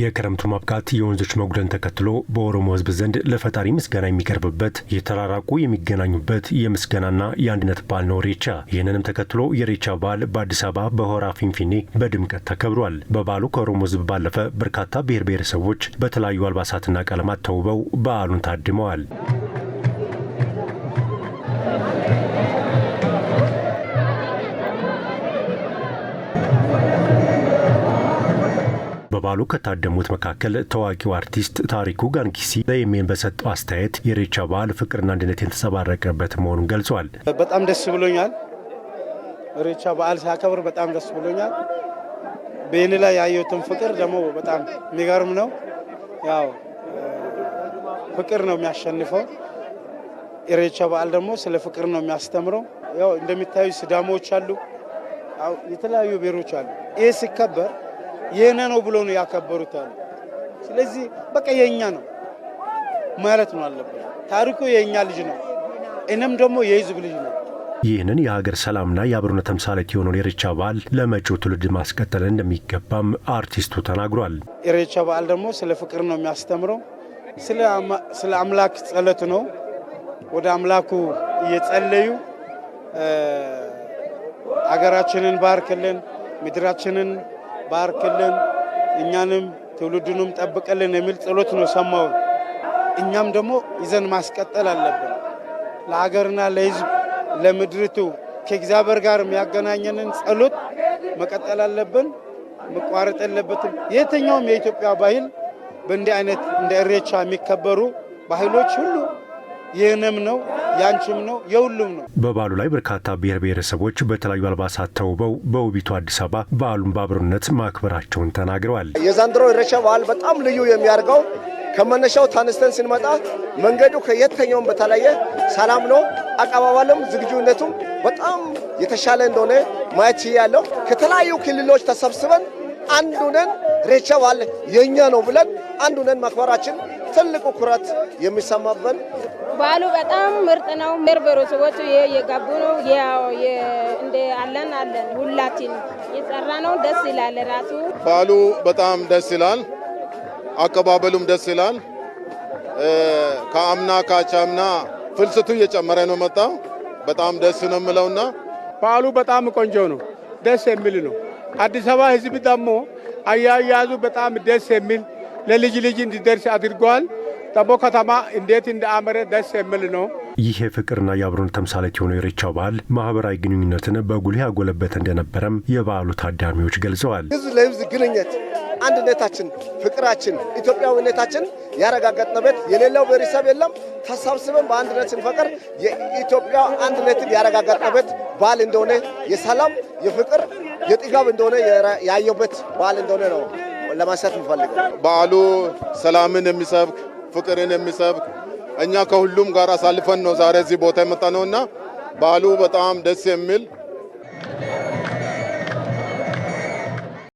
የክረምቱ ማብቃት የወንዞች መጉደን ተከትሎ በኦሮሞ ህዝብ ዘንድ ለፈጣሪ ምስጋና የሚቀርብበት የተራራቁ የሚገናኙበት የምስጋናና የአንድነት በዓል ነው ሬቻ። ይህንንም ተከትሎ የሬቻ በዓል በአዲስ አበባ በሆራ ፊንፊኔ በድምቀት ተከብሯል። በበዓሉ ከኦሮሞ ህዝብ ባለፈ በርካታ ብሔር ብሔረሰቦች በተለያዩ አልባሳትና ቀለማት ተውበው በዓሉን ታድመዋል። በባሉ ከታደሙት መካከል ታዋቂው አርቲስት ታሪኩ ጋንኪሲ ለየሜን በሰጠው አስተያየት የሬቻ በዓል ፍቅርና አንድነት የተንጸባረቀበት መሆኑን ገልጿል። በጣም ደስ ብሎኛል። ሬቻ በዓል ሲያከብር በጣም ደስ ብሎኛል። በይን ላይ ያየሁትን ፍቅር ደግሞ በጣም የሚገርም ነው። ያው ፍቅር ነው የሚያሸንፈው። የሬቻ በዓል ደግሞ ስለ ፍቅር ነው የሚያስተምረው። ያው እንደሚታዩ ስዳሞች አሉ፣ የተለያዩ ብሔሮች አሉ። ይህ ሲከበር የእኔ ነው ብሎ ነው ያከበሩት አሉ። ስለዚህ በቃ የኛ ነው ማለት ነው አለበት። ታሪኩ የእኛ ልጅ ነው፣ እኔም ደግሞ የህዝብ ልጅ ነው። ይህንን የሀገር ሰላምና የአብሮነት ተምሳሌት የሆነውን የኢሬቻ በዓል ለመጪው ትውልድ ማስቀጠል እንደሚገባም አርቲስቱ ተናግሯል። ኢሬቻ በዓል ደግሞ ስለ ፍቅር ነው የሚያስተምረው፣ ስለ አምላክ ጸሎት ነው። ወደ አምላኩ እየጸለዩ አገራችንን ባርክልን፣ ምድራችንን ባርክልን፣ እኛንም ትውልዱንም ጠብቅልን የሚል ጸሎት ነው ሰማው እኛም ደግሞ ይዘን ማስቀጠል አለብን። ለሀገርና ለሕዝብ ለምድሪቱ ከእግዚአብሔር ጋር የሚያገናኘንን ጸሎት መቀጠል አለብን። መቋረጥ የለበትም። የትኛውም የኢትዮጵያ ባህል በእንዲህ አይነት እንደ እሬቻ የሚከበሩ ባህሎች ሁሉ የነም ነው ያንቺም ነው የሁሉም ነው። በበዓሉ ላይ በርካታ ብሔር ብሔረሰቦች በተለያዩ አልባሳት ተውበው በውቢቱ አዲስ አበባ በዓሉን በአብሮነት ማክበራቸውን ተናግረዋል። የዘንድሮ ኢሬቻ በዓል በጣም ልዩ የሚያደርገው ከመነሻው ተነስተን ስንመጣ መንገዱ ከየትኛውም በተለየ ሰላም ነው። አቀባባልም ዝግጁነቱም በጣም የተሻለ እንደሆነ ማየት ያለው ከተለያዩ ክልሎች ተሰብስበን አንድ ሁነን ሬቻ ባለ የኛ ነው ብለን አንድ ሁነን ማክበራችን ትልቁ ኩራት የሚሰማበን በዓሉ በጣም ምርጥ ነው። ምርበሮ ሰዎች የጋቡ ነው። እንደ አለን አለን ሁላችን የጸራ ነው። ደስ ይላል። ራሱ በዓሉ በጣም ደስ ይላል። አቀባበሉም ደስ ይላል። ከአምና ካቻምና ፍልስቱ እየጨመረ ነው መጣ። በጣም ደስ ነው የምለውና በዓሉ በጣም ቆንጆ ነው። ደስ የሚል ነው። አዲስ አበባ ህዝብ ደግሞ አያያዙ በጣም ደስ የሚል ለልጅ ልጅ እንዲደርስ አድርጓል። ደግሞ ከተማ እንዴት እንደአመረ ደስ የሚል ነው። ይህ የፍቅርና የአብሮነት ተምሳሌት የሆነው የኢሬቻ በዓል ማህበራዊ ግንኙነትን በጉልህ ያጎለበት እንደነበረም የበዓሉ ታዳሚዎች ገልጸዋል። ህዝብ ለህዝብ ግንኙነት፣ አንድነታችን፣ ፍቅራችን፣ ኢትዮጵያዊነታችን ያረጋገጥነበት የሌላው ብሔረሰብ የለም ተሰብስበን በአንድነት ስንፈቅር የኢትዮጵያ አንድነትን ያረጋገጥነበት በዓል እንደሆነ የሰላም የፍቅር የጥጋብ እንደሆነ ያየሁበት በዓል እንደሆነ ነው ለማንሳት የምፈልገው። በዓሉ ሰላምን የሚሰብክ ፍቅርን የሚሰብክ እኛ ከሁሉም ጋር አሳልፈን ነው ዛሬ እዚህ ቦታ የመጣ ነው እና በዓሉ በጣም ደስ የሚል